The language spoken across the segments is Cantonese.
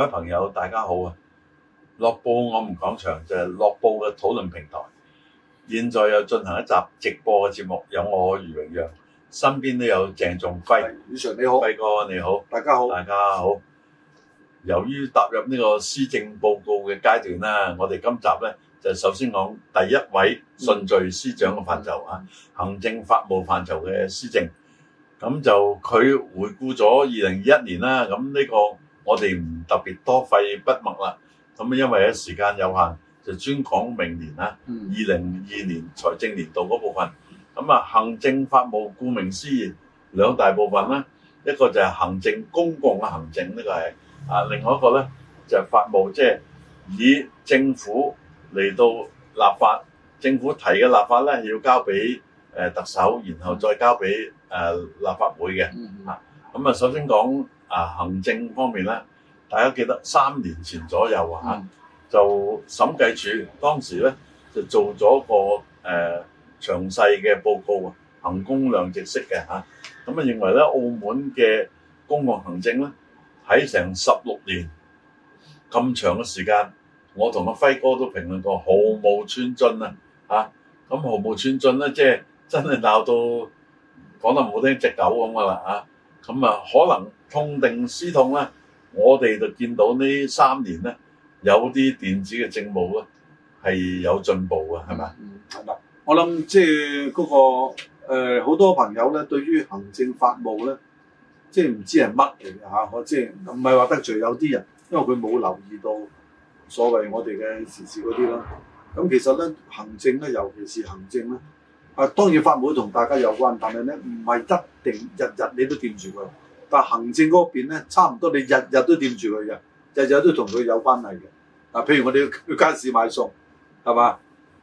各位朋友，大家好啊！樂報我們講場就係樂報嘅討論平台，現在又進行一集直播嘅節目，有我余榮陽，身邊都有鄭仲輝。余常你好，輝哥你好，大家好，大家好。由於踏入呢個施政報告嘅階段啦，我哋今集呢，就首先講第一位順序司長嘅範疇啊、嗯，行政法務範疇嘅施政。咁就佢回顧咗二零二一年啦，咁呢個。我哋唔特別多費筆墨啦，咁因為咧時間有限，就專講明年啦，二零二二年財政年度嗰部分。咁啊，行政法務顧名思義兩大部分啦。一個就係行政公共嘅行政呢個係啊，另外一個咧就係法務，即係以政府嚟到立法，政府提嘅立法咧要交俾特首，然後再交俾立法會嘅。啊，咁啊，首先講。啊，行政方面咧，大家記得三年前左右啊、嗯，就審計署當時咧就做咗個誒詳細嘅報告啊，衡工量值式嘅嚇，咁啊、嗯、認為咧澳門嘅公共行政咧喺成十六年咁長嘅時間，我同阿輝哥都評論過毫無寸進啊，嚇、啊、咁毫無寸進咧，即係真係鬧到講得唔好聽隻狗咁噶啦嚇，咁啊，啊，啊可能。痛定思痛咧，我哋就見到呢三年咧，有啲電子嘅政務咧係有進步嘅，係咪？嗱、嗯、係啦，我諗即係嗰個、呃、好多朋友咧，對於行政法務咧，即係唔知係乜嚟嘅嚇，我即係唔係話得罪有啲人，因為佢冇留意到所謂我哋嘅時事嗰啲啦。咁其實咧，行政咧，尤其是行政咧，啊當然法務都同大家有關，但係咧唔係一定日日你都掂住佢。但行政嗰邊咧，差唔多你日日都掂住佢嘅，日日都同佢有關係嘅。啊譬如我哋去街市買餸，係嘛？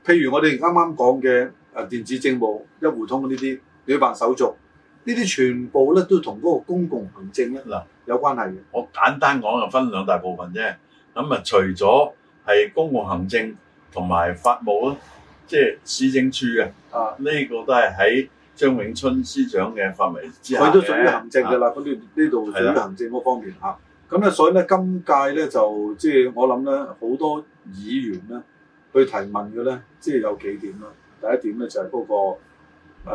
譬如我哋啱啱講嘅誒電子政務一戶通呢啲，你要辦手續，呢啲全部咧都同嗰個公共行政一咧有關係嘅、啊。我簡單講就分兩大部分啫。咁啊，除咗係公共行政同埋法務啊，即係市政處啊，呢個都係喺，張永春司長嘅範圍之下，佢都屬於行政嘅啦。咁呢度屬於行政嗰方面嚇。咁咧、啊，所以咧今屆咧就即係我諗咧，好多議員咧去提問嘅咧，即係有幾點啦。第一點咧就係、是、嗰、那個誒、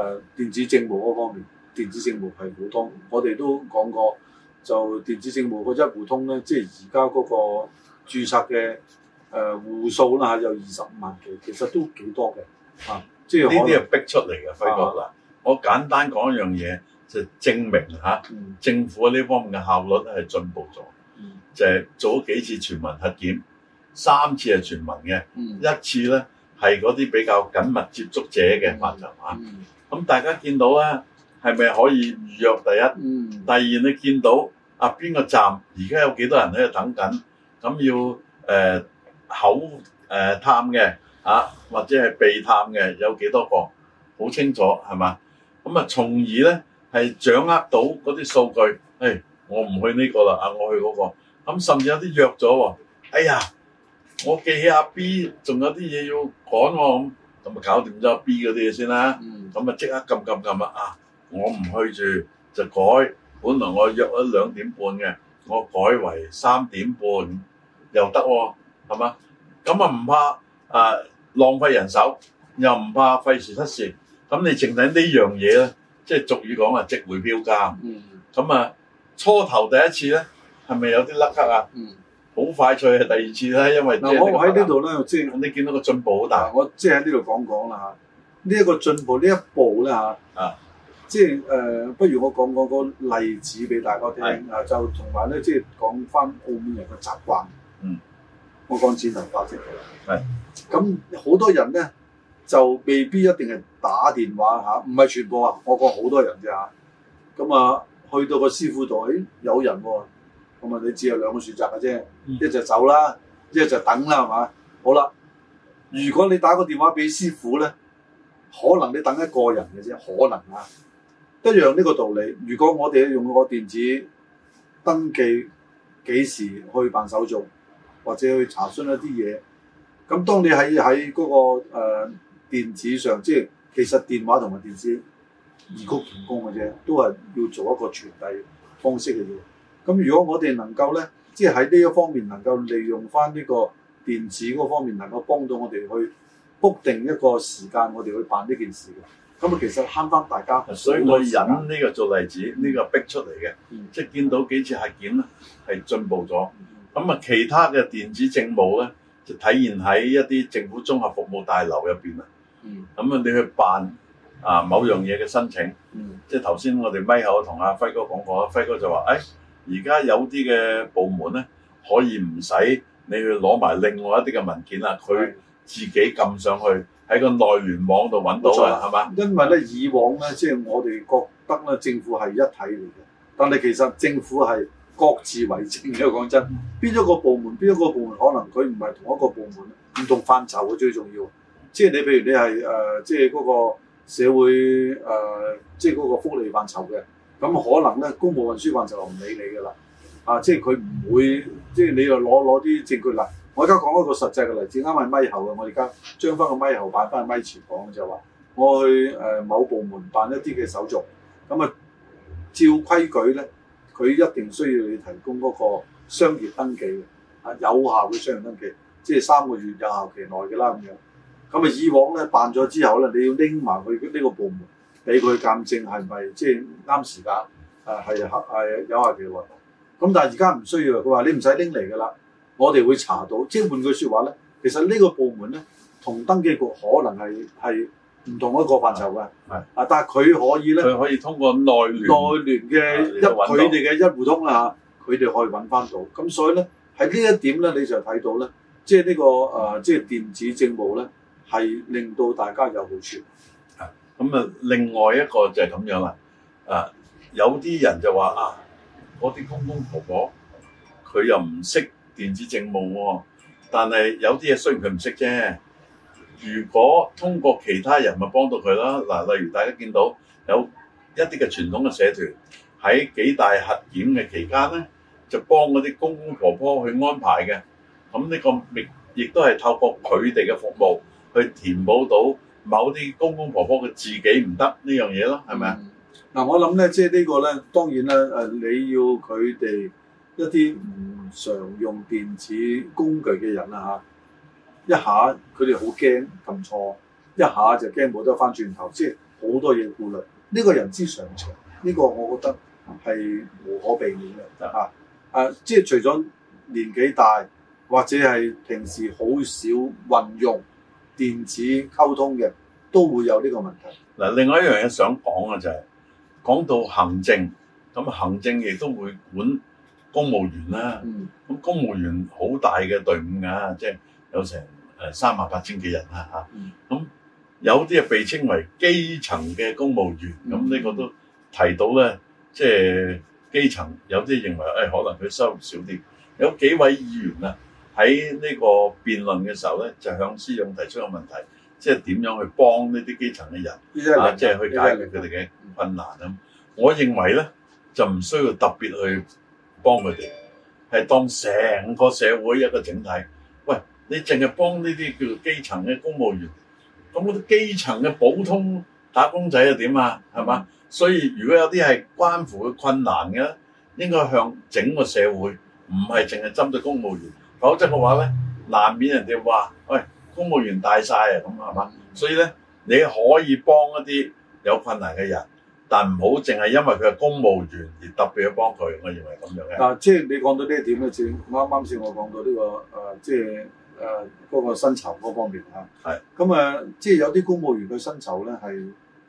呃、電子政務嗰方面，電子政務係普通。我哋都講過，就電子政務嗰一戶通咧，即係而家嗰個註冊嘅誒戶數啦，有二十五萬嘅，其實都幾多嘅啊！即係呢啲係逼出嚟嘅，輝哥啦。啊我簡單講一樣嘢，就證明吓政府呢方面嘅效率係進步咗、嗯。就係、是、做幾幾次全民核檢，三次係全民嘅、嗯，一次咧係嗰啲比較緊密接觸者嘅範疇啊。咁大家見到咧，係咪可以預約第一？嗯、第二，你見到啊邊個站而家有幾多人喺度等緊？咁要誒、呃、口誒、呃、探嘅啊，或者係鼻探嘅有幾多個？好清楚係嘛？咁啊，從而咧係掌握到嗰啲數據。誒、哎，我唔去呢個啦，啊，我去嗰、嗰個。咁甚至有啲約咗喎。哎呀，我記起阿 B，仲有啲嘢要趕喎。咁，咁咪搞掂咗阿 B 嗰啲嘢先啦。咁啊，即刻撳撳撳啦。啊，我唔去住就改。本來我約咗兩點半嘅，我改為三點半又得喎、哦，係嘛？咁啊唔怕誒浪費人手，又唔怕費事失事。咁你淨睇呢樣嘢咧，即係俗語講話即回標價。咁、嗯、啊，初頭第一次咧，係咪有啲甩 u c 啊？好、嗯、快脆啊！第二次咧，因為、嗯就是、我喺呢度咧，即、就、係、是、你見到個進步好大。啊、我即係喺呢度講講啦呢一個進步，呢一步咧即係誒，不如我講講個例子俾大家聽。啊，就同埋咧，即係講翻澳門人嘅習慣。嗯，我講只能發值嘅啦。咁好多人咧。就未必一定係打電話嚇，唔係全部很個啊，我講好多人啫嚇。咁啊，去到個師傅度，有人喎，咁啊你只有兩個選擇嘅啫、嗯，一就走啦，一就等啦係嘛。好啦，如果你打個電話俾師傅咧，可能你等一個人嘅啫，可能啊一樣呢個道理。如果我哋用個電子登記幾時去辦手續，或者去查詢一啲嘢，咁當你喺喺嗰個、呃電子上即係其實電話同埋電子異曲同工嘅啫，都係要做一個傳遞方式嘅啫。咁如果我哋能夠咧，即係喺呢一方面能夠利用翻呢個電子嗰方面，能夠幫到我哋去 book 定一個時間，我哋去辦呢件事嘅。咁啊，其實慳翻大家份，所以我引呢個做例子，呢、嗯呢個逼出嚟嘅、嗯，即係見到幾次核檢咧係進步咗。咁、嗯、啊、嗯，其他嘅電子政務咧就體現喺一啲政府綜合服務大樓入邊啦。咁、嗯、啊，你去辦啊某樣嘢嘅申請，嗯、即係頭先我哋咪口同阿輝哥講過啦，輝哥就話：誒、哎，而家有啲嘅部門咧，可以唔使你去攞埋另外一啲嘅文件啦，佢自己撳上去喺個內聯網度搵到，係嘛？因為咧，以往咧，即、就、係、是、我哋覺得咧，政府係一體嚟嘅，但係其實政府係各自為政嘅。講 真，邊一個部門，邊一個部門，可能佢唔係同一個部門，唔同範疇嘅最重要。即係你譬如你係誒、呃，即係嗰個社會誒、呃，即係嗰個福利範疇嘅，咁可能咧公務運輸範疇唔理你噶啦，啊，即係佢唔會，即係你又攞攞啲證據嗱，我而家講一個實際嘅例子，啱係咪後嘅，我而家將翻個咪後擺翻去咪前講就話，我去誒、呃、某部門辦一啲嘅手續，咁啊照規矩咧，佢一定需要你提供嗰個商業登記嘅，啊有效嘅商業登記，即係三個月有效期內嘅啦咁樣。咁啊！以往咧辦咗之後咧，你要拎埋佢呢個部門俾佢鑑證係咪即係啱時間啊？係合有效期。咁但係而家唔需要，佢話你唔使拎嚟㗎啦。我哋會查到。即係換句說話咧，其實呢個部門咧同登記局可能係係唔同一個範疇嘅。係啊，但係佢可以咧，佢可以通過內內聯嘅一佢哋嘅一戶通啊，佢哋可以搵翻到。咁所以咧喺呢一點咧，你就睇到咧，即係、這、呢個、呃、即係電子政務咧。係令到大家有好處啊！咁啊，另外一個就係咁樣啦。啊，有啲人就話啊，嗰啲公公婆婆佢又唔識電子政務喎，但係有啲嘢雖然佢唔識啫。如果通過其他人咪幫到佢囉。嗱，例如大家見到有一啲嘅傳統嘅社團喺幾大核檢嘅期間咧，就幫嗰啲公公婆婆去安排嘅。咁呢個亦亦都係透過佢哋嘅服務。去填補到某啲公公婆婆嘅自己唔得呢樣嘢咯，係咪、嗯、啊？嗱，我諗咧，即係呢個咧，當然啦，你要佢哋一啲唔常用電子工具嘅人啦，嚇一下佢哋好驚撳錯，一下就驚冇得翻轉頭，即係好多嘢顧慮。呢、這個人之常情，呢、這個我覺得係無可避免嘅、啊啊、即係除咗年紀大，或者係平時好少運用。電子溝通嘅都會有呢個問題。嗱，另外一樣嘢想講嘅就係、是、講到行政，咁行政亦都會管公務員啦。咁、嗯、公務員好大嘅隊伍㗎，即、就、係、是、有成誒三萬八千幾人啦嚇。咁、嗯、有啲係被稱為基層嘅公務員，咁、嗯、呢個都提到咧，即、就、係、是、基層有啲認為誒、哎，可能佢收少啲。有幾位議員啊，喺呢個辯論嘅時候咧，就向司長提出個問題，即係點樣去幫呢啲基層嘅人啊？即係去解決佢哋嘅困難啊！我認為咧，就唔需要特別去幫佢哋，係當成個社會一個整體。喂，你淨係幫呢啲叫做基層嘅公務員，咁嗰啲基層嘅普通打工仔又點啊？係嘛？所以如果有啲係關乎佢困難嘅，應該向整個社會，唔係淨係針對公務員。否則嘅話咧，難免人哋話，喂、哎，公務員大晒啊，咁係嘛？所以咧，你可以幫一啲有困難嘅人，但唔好淨係因為佢係公務員而特別去幫佢。我認為咁樣嘅。嗱，即係你講到呢一點咧，似啱啱先我講到呢個誒，即係誒嗰個薪酬嗰方面嚇。係。咁誒，即係有啲公務員嘅薪酬咧係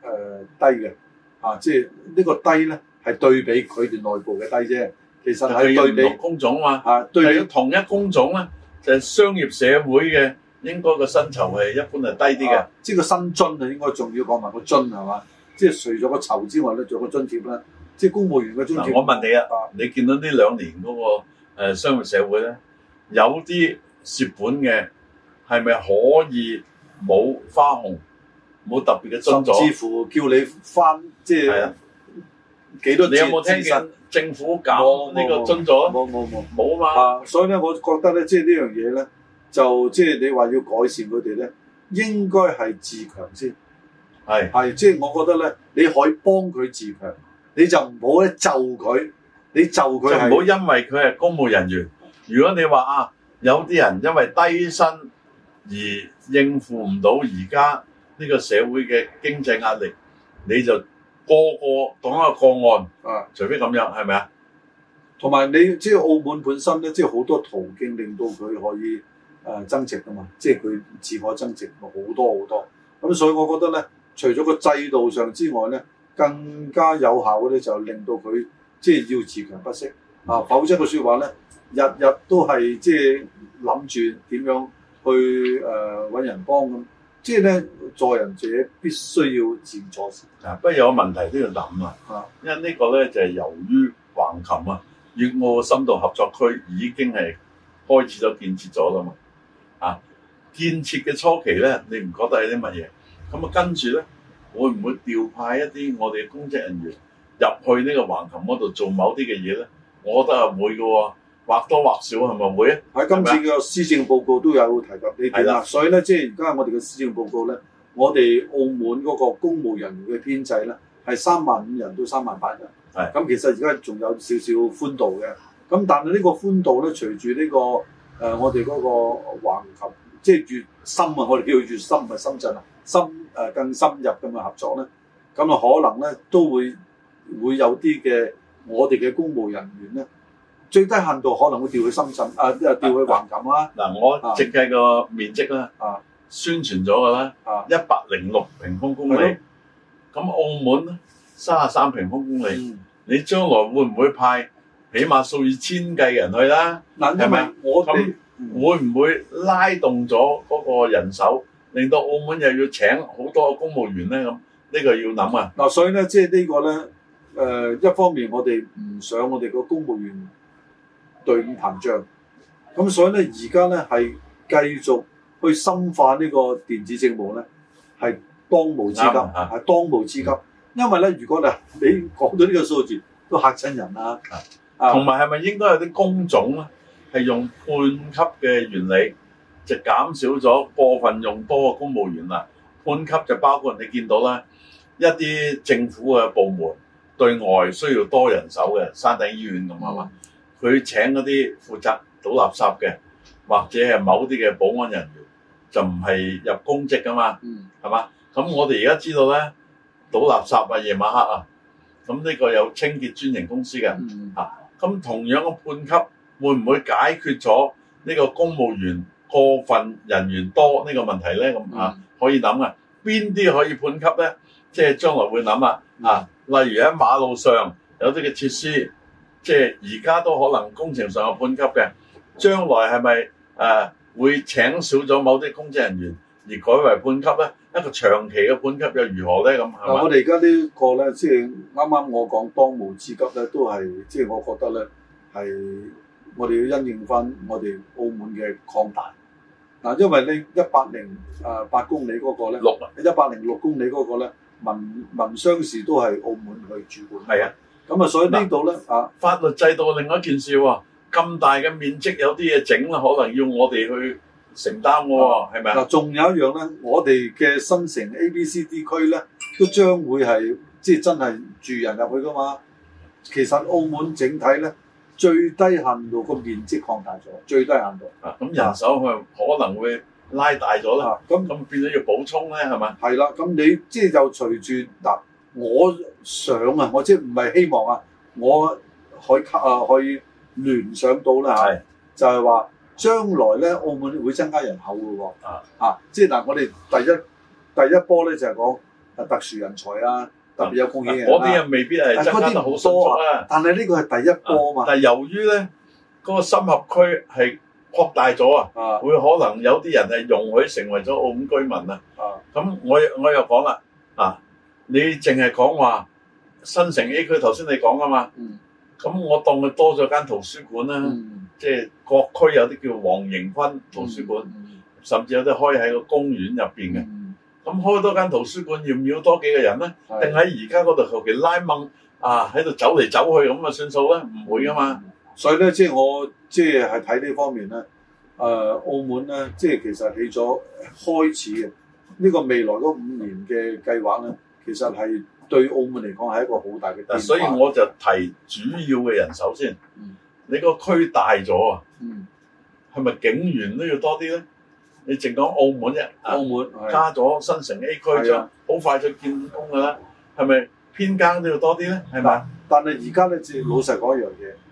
誒低嘅，啊，即係呢個低咧係對比佢哋內部嘅低啫。其實係對比工種嘛，係、啊、對同一工種咧，就係、是、商業社會嘅，應該個薪酬係一般係低啲嘅，嗯啊。即係個薪津係應該仲要講埋個津係嘛？即係除咗個酬之外咧，仲有個津貼啦。即係公務員嘅津貼。我問你啊、嗯，你見到呢兩年嗰個誒商業社會咧，有啲蝕本嘅係咪可以冇花紅，冇特別嘅津貼，甚至乎叫你翻即係？是啊幾多？你有冇聽見政府搞呢個津貼？冇冇冇冇啊！所以咧，我覺得咧，即係呢樣嘢咧，就即係你話要改善佢哋咧，應該係自強先。係係，即係我覺得咧，你可以幫佢自強，你就唔好咧就佢，你就佢就唔好因為佢係公務人員。如果你話啊，有啲人因為低薪而應付唔到而家呢個社會嘅經濟壓力，你就。個個講下個案啊，除非咁樣，係咪啊？同埋你即係澳門本身咧，即係好多途徑令到佢可以誒增值噶嘛，即係佢自我增值好多好多。咁所以我覺得咧，除咗個制度上之外咧，更加有效嘅咧就令到佢即係要自強不息啊！否則嘅說話咧，日日都係即係諗住點樣去誒揾、呃、人幫咁。即係咧，助人者必須要自助啊！不過有問題都要諗啊，因為呢個咧就係由於橫琴啊，粵澳深度合作區已經係開始咗建設咗啦嘛啊！建設嘅初期咧，你唔覺得係啲乜嘢？咁啊，跟住咧，會唔會調派一啲我哋嘅公職人員入去呢個橫琴嗰度做某啲嘅嘢咧？我覺得啊、哦，會嘅喎。或多或少係咪會咧？喺、嗯、今次嘅施政報告都有提及呢點啦。所以咧，即係而家我哋嘅施政報告咧，我哋澳門嗰個公務人員嘅編制咧係三萬五人到三萬八人。咁、嗯，其實而家仲有少少寬度嘅。咁但係呢、呢個寬度咧，隨住呢個誒我哋嗰個橫琴，即、就、係、是、越深啊！我哋叫越深啊，深圳啊，深、呃、更深入咁嘅合作咧。咁啊，可能咧都會會有啲嘅我哋嘅公務人員咧。最低限度可能會調去深圳，啊，即係調去橫琴啦。嗱，我直計個面積啦，宣傳咗㗎啦，一百零六平方公里。咁澳門三十三平方公里，嗯、你將來會唔會派起碼數以千計人去啦、嗯？係咪？我哋會唔會拉動咗嗰個人手，令到澳門又要請好多公務員咧？咁、這、呢個要諗啊！嗱，所以咧，即、就、係、是、呢個咧，誒、呃，一方面我哋唔想我哋個公務員。隊伍膨脹，咁所以咧，而家咧係繼續去深化呢個電子政務咧，係當務之急，係當務之急。因為咧，如果你講到呢個數字都嚇親人啦，同埋係咪應該有啲工種咧，係用半級嘅原理就減少咗過分用多嘅公務員啦？半級就包括人哋見到啦，一啲政府嘅部門對外需要多人手嘅山頂醫院咁話。佢請嗰啲負責倒垃圾嘅，或者係某啲嘅保安人員，就唔係入公職噶嘛，係、嗯、嘛？咁我哋而家知道咧，倒垃圾啊，夜晚黑啊，咁呢個有清潔專營公司嘅嚇。咁、嗯啊、同樣嘅判級會唔會解決咗呢個公務員過份人員多呢個問題咧？咁啊、嗯、可以諗啊，邊啲可以判級咧？即係將來會諗啊啊，例如喺馬路上有啲嘅設施。即係而家都可能工程上有半級嘅，將來係咪誒會請少咗某啲公職人員而改為半級咧？一個長期嘅半級又如何咧？咁、啊、我哋而家呢個咧，即係啱啱我講當務之急咧，都係即係我覺得咧係我哋要因應翻我哋澳門嘅擴大嗱、啊，因為呢一百零誒八公里嗰個咧，六、一百零六公里嗰個咧，民民商事都係澳門去主管係啊。咁啊，所以呢度咧、嗯啊，法律制度另外一件事喎、啊，咁大嘅面積有啲嘢整啦，可能要我哋去承擔喎、啊，係咪嗱，仲、啊、有一樣咧，我哋嘅新城 A、B、C、D 區咧，都將會係即係真係住人入去噶嘛。其實澳門整體咧，最低限度個面積擴大咗，最低限度。啊，咁、啊啊啊、人手去可能會拉大咗吓，咁、啊、咁變咗要補充咧？係咪？係、啊、啦，咁你即係就隨住達。啊我想啊，我即係唔係希望啊，我可以啊可以聯想到啦嚇，就係、是、話將來咧，澳門會增加人口嘅喎啊，即係嗱，我哋第一第一波咧就係講特殊人才啊，特別有貢獻嘅嗰啲啊未必係增加得好迅速啦，但係呢個係第一波嘛，啊、但係由於咧嗰、那個深合區係擴大咗啊，會可能有啲人係容許成為咗澳門居民啊，咁我我又講啦啊。你淨係講話新城 A 區頭先你講啊嘛，咁、嗯、我當佢多咗間圖書館啦、啊嗯，即係各區有啲叫黃營均圖書館、嗯，甚至有啲開喺個公園入面嘅。咁、嗯、開多間圖書館要唔要多幾個人咧？定喺而家嗰度求其拉掹啊，喺度走嚟走去咁啊，算數咧？唔會噶嘛。所以咧，即係我即係係睇呢方面咧。誒，澳門咧，即係其實起咗開始呢、呢個未來嗰五年嘅計劃咧。其實係對澳門嚟講係一個好大嘅變化。所以我就提主要嘅人手先。嗯，你個區大咗啊？嗯，係咪警員都要多啲咧？你淨講澳門啫，澳門、啊、加咗新城 A 區，將好、啊、快就建工㗎啦。係咪、啊、偏更都要多啲咧？係咪？但係而家咧，只老實講一樣嘢、嗯，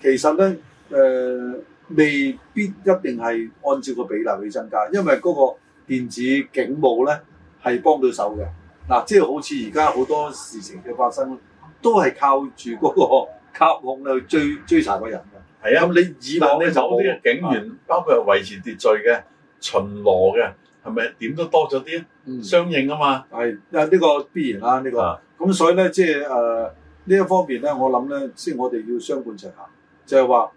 其實咧誒、呃、未必一定係按照個比例去增加，因為嗰個電子警務咧係幫到手嘅。嗱、啊，即係好似而家好多事情嘅發生，都係靠住嗰、嗰個監控去追追查個人嘅係啊，咁你以往咧就我哋嘅、呢個、警員，包括維持秩序嘅、巡邏嘅，係咪點都多咗啲、嗯？相應啊嘛。係，呢、呢個必然啦、啊，呢、呢個。咁所以咧，即係誒呢一方面咧，我諗咧，即、就係、我哋要相伴齊行，就係話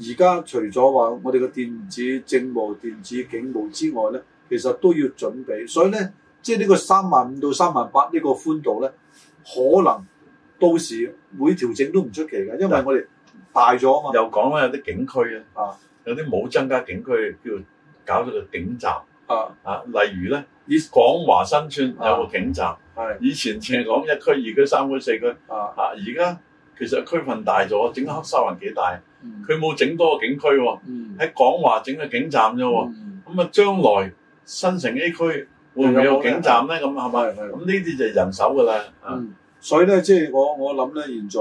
而家除咗話我哋嘅電子政務、電子警務之外咧，其實都要準備。所以咧。即係呢個三萬五到三萬八呢個寬度咧，可能到時每調整都唔出奇嘅，因為我哋大咗啊嘛。又講啦、啊，有啲警區咧，有啲冇增加警區，叫做搞咗個警站。啊啊，例如咧，以廣華新村有個警站、啊，以前淨係講一區、二區、三區、四區。啊而家、啊、其實區份大咗，整個黑沙環幾大，佢冇整多個警區喎。喺廣華整個警站啫喎。咁、嗯、啊，將來新城 A 區。會唔會有警站咧？咁係咪？咁呢啲就係人手噶啦。嗯，所以咧，即係我我諗咧，現在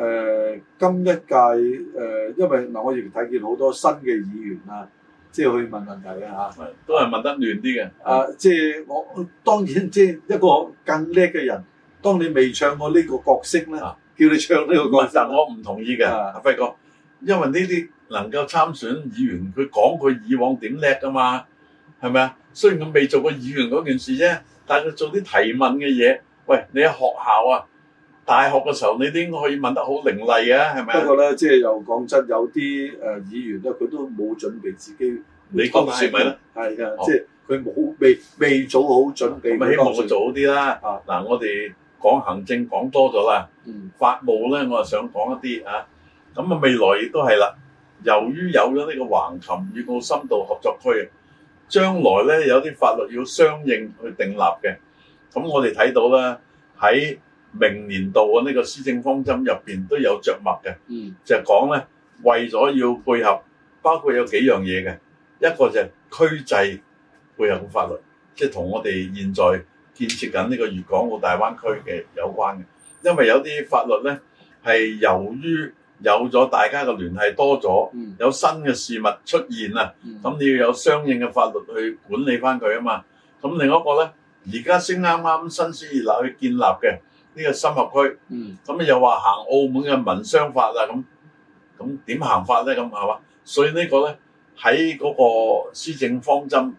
誒今，一屆誒，因為嗱，我亦睇見好多新嘅議員啊，即係去問問題嘅吓，都係問得亂啲嘅、嗯。啊，即係我當然，即係一個更叻嘅人，當你未唱過呢個角色咧、啊，叫你唱呢個角色，我唔同意嘅。阿輝哥，因為呢啲能夠參選議員，佢講佢以往點叻啊嘛。係咪啊？雖然佢未做過議員嗰件事啫，但佢做啲提問嘅嘢。喂，你喺學校啊，大學嘅時候你都應該可以問得好凌厲啊？係咪？不過咧，即係又講真，有啲誒議員咧，佢都冇準備自己。你講係咪咧？係啊、哦，即係佢冇未未做好準備、啊。咁希望佢做好啲啦。嗱、啊啊，我哋講行政講多咗啦、嗯。法務咧，我想講一啲啊。咁啊，未來亦都係啦。由於有咗呢個橫琴粵澳深度合作區。將來咧，有啲法律要相應去訂立嘅，咁我哋睇到咧，喺明年度嘅呢個施政方針入面都有着墨嘅、嗯，就係講咧，為咗要配合，包括有幾樣嘢嘅，一個就係區制配合嘅法律，即係同我哋現在建設緊呢個粵港澳大灣區嘅有關嘅，因為有啲法律咧係由於。有咗大家嘅聯繫多咗，有新嘅事物出現啊，咁、嗯、你要有相應嘅法律去管理翻佢啊嘛。咁另一個呢，而家先啱啱新鮮熱鬧去建立嘅呢個深合區，咁、嗯、又話行澳門嘅民商法啦，咁咁點行法呢？咁係嘛？所以呢個呢，喺嗰個施政方針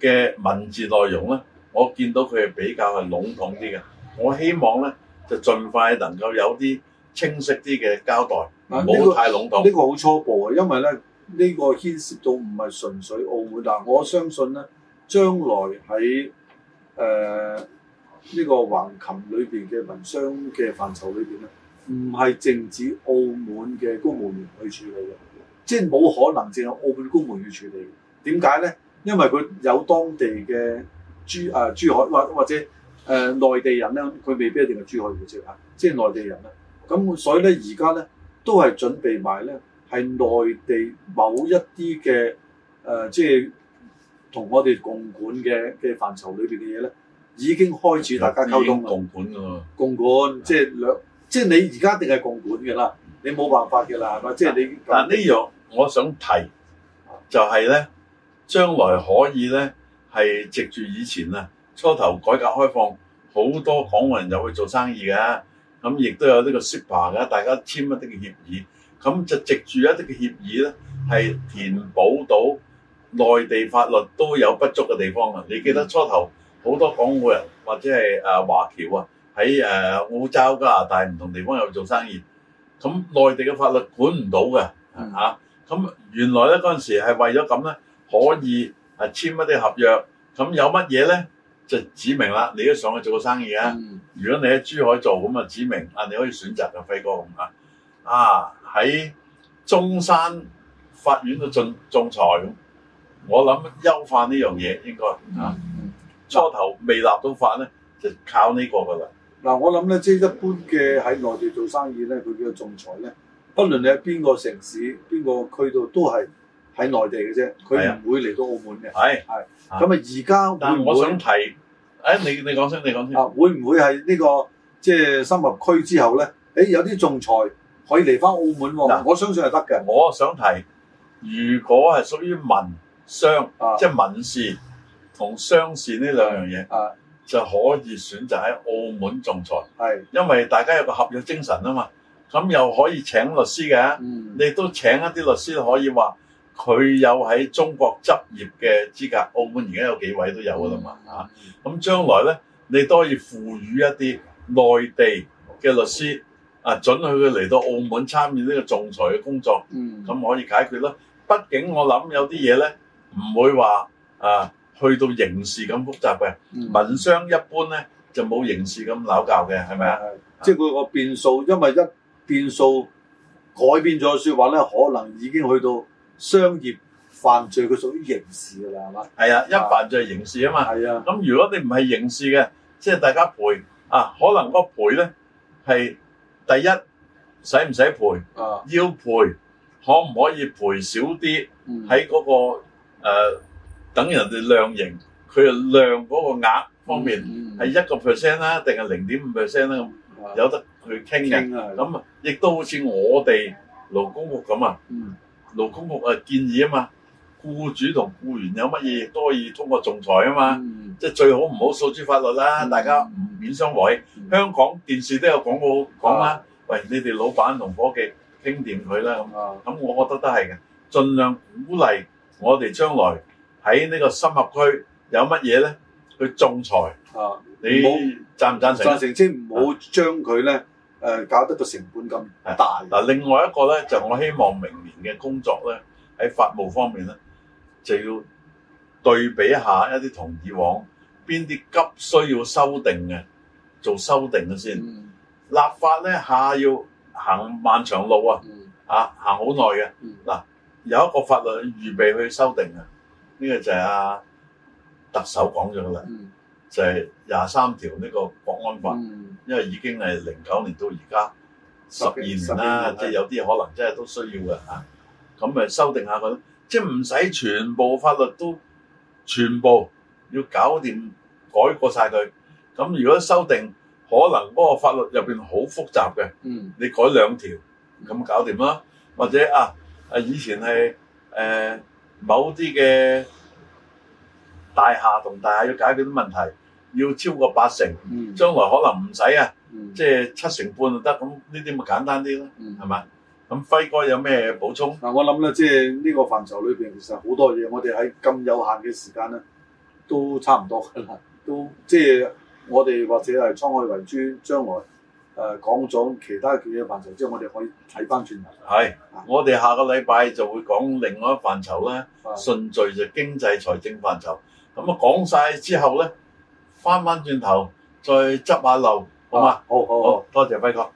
嘅文字內容呢，我見到佢係比較係籠統啲嘅。我希望呢，就盡快能夠有啲清晰啲嘅交代，唔、嗯、好太籠統。呢、這個好、這個、初步啊，因為咧呢、這個牽涉到唔係純粹澳門嗱。我相信咧，將來喺誒、呃這個、呢個橫琴裏邊嘅民商嘅範疇裏邊，咧，唔係淨止澳門嘅公務員去處理嘅，即係冇可能淨澳門公務員去處理嘅。點解咧？因為佢有當地嘅珠誒、呃、珠海或或者誒、呃、內地人咧，佢未必一定係珠海人啫嚇，即係內地人啦。咁所以咧，而家咧都係準備埋咧，係內地某一啲嘅誒，即係同我哋共管嘅嘅範疇裏邊嘅嘢咧，已經開始大家溝通。已經共管㗎喎。共管即係兩，即係你而家一定係共管㗎啦，你冇辦法㗎啦，係嘛？即係、就是、你。嗱呢樣我想提，就係、是、咧，將來可以咧係藉住以前啊，初頭改革開放，好多港人入去做生意㗎、啊。咁亦都有呢個 super 嘅，大家簽一啲嘅協議，咁就藉住一啲嘅協議咧，係填補到內地法律都有不足嘅地方啊！你記得初頭好多港澳人或者係啊華僑啊，喺誒澳洲、加拿大唔同地方有做生意，咁內地嘅法律管唔到嘅吓，咁原來咧嗰陣時係為咗咁咧，可以係簽一啲合約，咁有乜嘢咧？就指明啦，你都上去做個生意啊！嗯、如果你喺珠海做咁啊，就指明啊，你可以選擇就、啊、飛哥。嚟啊！啊，喺中山法院度進仲裁咁，我諗優化呢樣嘢應該啊、嗯嗯，初頭未立到法咧，就靠呢個噶啦。嗱、嗯嗯，我諗咧，即係一般嘅喺內地做生意咧，佢叫做仲裁咧，不論你喺邊個城市、邊個區度都係。喺內地嘅啫，佢唔會嚟到澳門嘅。咁啊！而家我想提，你你講先，你講先啊！會唔會係呢、這個即係深入區之後咧、哎？有啲仲裁可以嚟翻澳門喎、哦。嗱，我相信係得嘅。我想提，如果係屬於民商、啊、即係民事同商事呢兩樣嘢、啊，就可以選擇喺澳門仲裁。因為大家有個合約精神啊嘛，咁又可以請律師嘅、嗯。你都請一啲律師可以話。佢有喺中國執業嘅資格，澳門而家有幾位都有噶啦嘛嚇咁將、mm-hmm. 啊、來咧，你都可以賦予一啲內地嘅律師啊，準許佢嚟到澳門參與呢個仲裁嘅工作，咁、mm-hmm. 可以解決囉。畢竟我諗有啲嘢咧，唔會話啊去到刑事咁複雜嘅，mm-hmm. 民商一般咧就冇刑事咁攪教嘅，係咪啊？即係佢個變數、啊，因為一變數改變咗說話咧，可能已經去到。商業犯罪佢屬於刑事㗎啦，係嘛？係啊，一犯罪係刑事啊嘛。係啊。咁如果你唔係刑事嘅，即係大家賠啊，可能嗰賠咧係第一使唔使賠？啊。要賠，可唔可以賠少啲？嗯。喺嗰個誒等人哋量刑，佢量嗰個額方面，係一個 percent 啦，定係零點五 percent 啦？有得去傾嘅。咁啊。咁亦都好似我哋勞工局咁啊。嗯。勞工局啊建議啊嘛，雇主同雇員有乜嘢都可以通過仲裁啊嘛，嗯，即係最好唔好訴諸法律啦，大家唔免相害，嗯。香港電視都有廣告講啦，喂，你哋老闆同伙計傾掂佢啦咁。咁、啊、我覺得都係嘅，儘量鼓勵我哋將來喺呢個深合區有乜嘢咧去仲裁。啊、你贊唔贊成？贊成即唔好將佢咧。誒、呃，搞得個成本咁大嗱。另外一個咧，就我希望明年嘅工作咧，喺法務方面咧，就要對比一下一啲同以往邊啲急需要修訂嘅，做修訂嘅先、嗯。立法咧下要行漫長路啊，嗯、啊行好耐嘅。嗱、嗯啊、有一個法律預備去修訂嘅，呢、這個就係阿、啊、特首講咗嘅啦，就係廿三條呢個國安法。嗯因為已經係零九年到而家十二年啦，即係、就是、有啲可能真係都需要嘅嚇。咁咪修訂下佢，即係唔使全部法律都全部要搞掂改過晒佢。咁如果修訂，可能嗰個法律入邊好複雜嘅。嗯，你改兩條咁搞掂啦，或者啊啊以前係誒、呃、某啲嘅大廈同大廈要解決啲問題。要超過八成，將、嗯、來可能唔使啊，即係七成半就得。咁呢啲咪簡單啲咯，係、嗯、咪？咁輝哥有咩補充？嗱、啊，我諗咧，即係呢個範疇裏邊，其實好多嘢，我哋喺咁有限嘅時間咧，都差唔多，都即係我哋或者係滄海為珠，將來誒講咗其他嘅範疇之後，我哋可以睇翻轉頭。係，我哋下個禮拜就會講另外一範疇啦，順序就經濟財政範疇。咁啊講晒之後咧。翻翻轉頭，再執下漏，好嗎？好好好，多謝輝哥。